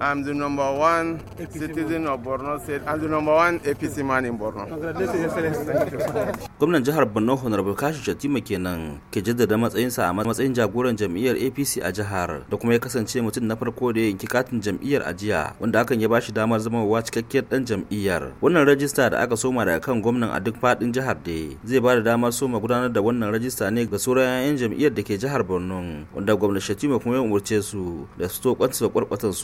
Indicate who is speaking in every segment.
Speaker 1: I'm the number one APC citizen man. of Borno State. I'm the number one APC man in Borno.
Speaker 2: Gwamnan jihar Borno Honorable Kashi Shatima kenan ke jaddada matsayinsa a matsayin jagoran jam'iyyar APC a jihar da kuma ya kasance mutum na farko da ya yanki katin jam'iyyar a jiya wanda hakan ya ba shi damar wa cikakkiyar dan jam'iyyar. Wannan rajista da aka soma daga kan gwamnan a duk faɗin jihar da zai ba da damar soma gudanar da wannan rajista ne ga sauran 'yan jam'iyyar da ke jihar Borno wanda gwamnan Shatima kuma ya umurce su da su to kwatsa kwarkwatan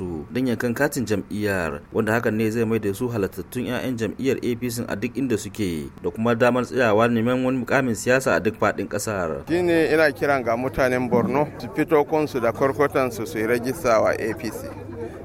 Speaker 2: hanyar kan katin jam'iyyar wanda hakan ne zai mai da su halattattun 'ya'yan jam'iyyar apc a duk inda suke da kuma damar tsayawa neman wani mukamin siyasa a duk faɗin ƙasar
Speaker 1: shine ina kiran ga mutanen borno su fito kunsu da kwarkwatansu su yi rajista apc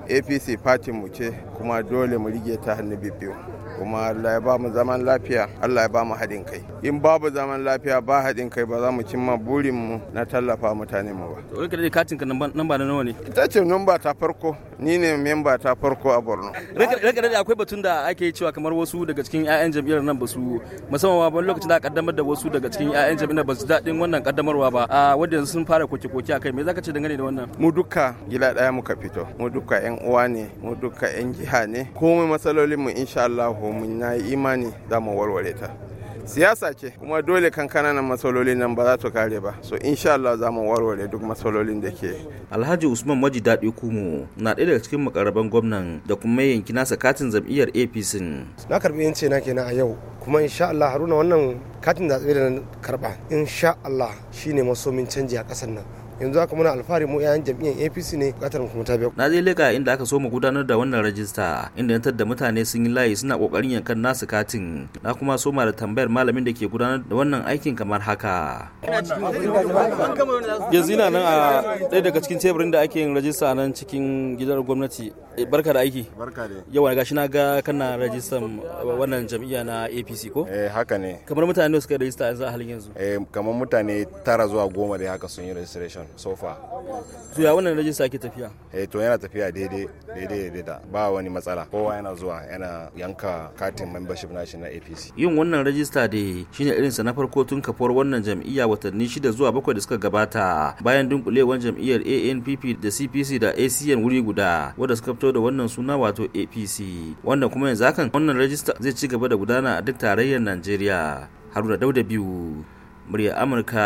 Speaker 1: apc fatin mu ce kuma dole mu rige ta hannu biyu kuma Allah ya ba mu zaman lafiya Allah ya ba mu haɗin kai in babu zaman lafiya ba haɗin kai ba za mu cimma burin mu na tallafa mutane mu ba to kai katin ka namba na nawa ne ita ce namba ta farko ni ne memba ta farko a Borno
Speaker 2: raka da akwai batun da ake cewa kamar wasu daga cikin 'ya'yan jam'iyyar nan ba su musamman ba lokacin da aka kaddamar da wasu daga cikin 'ya'yan jam'iyyar ba su daɗin wannan kaddamarwa ba a wanda yanzu sun fara koke-koke akai me zaka ce dangane da wannan
Speaker 1: mu duka gila daya muka fito mu duka ƴan uwa ne mu duka ƴan jiha ne komai matsalolin mu insha Allah mun na imani za mu warware ta siyasa ce kuma dole kan kananan matsalolin nan ba za su kare ba so insha Allah za mu warware duk matsalolin da ke Alhaji Usman Maji daɗi Kumu na ɗaya daga cikin
Speaker 2: makaraban gwamnan da kuma yanki nasa katin jam'iyyar APC
Speaker 1: na karbi yanci na kenan a yau kuma insha Allah Haruna wannan katin zaɓe da na karba insha Allah shine masomin canji a ƙasar nan yanzu haka muna alfahari mu yayan jam'iyyar apc ne bukatar mu kuma ta biyo.
Speaker 2: na zai leka inda aka so mu gudanar da wannan rajista inda yantar da mutane sun yi layi suna kokarin yankan nasu katin na kuma soma da tambayar malamin da ke gudanar da wannan aikin kamar haka yanzu ina nan a ɗaya daga cikin teburin da ake yin rajista nan cikin gidan gwamnati eh, barka da aiki barka da yawa shi na ga kana rajistan wannan jam'iyya na apc ko eh haka ne kamar mutane suka rajista yanzu a halin yanzu eh kamar mutane tara zuwa goma da haka sun yi registration so far to ya wannan rajista ke tafiya eh to yana tafiya daidai daidai daidai ba wani matsala kowa yana zuwa yana yanka katin membership nashi na APC yin wannan rajista da shine irin sa na farko tun kafar wannan jam'iyya watanni shida zuwa bakwai da suka gabata bayan dunkulewar jam'iyyar ANPP da CPC da ACN wuri guda wanda suka fito da wannan suna wato APC wanda kuma yanzu hakan wannan rajista zai ci gaba da gudana a duk tarayyar Najeriya Haruna Dauda biyu murya Amurka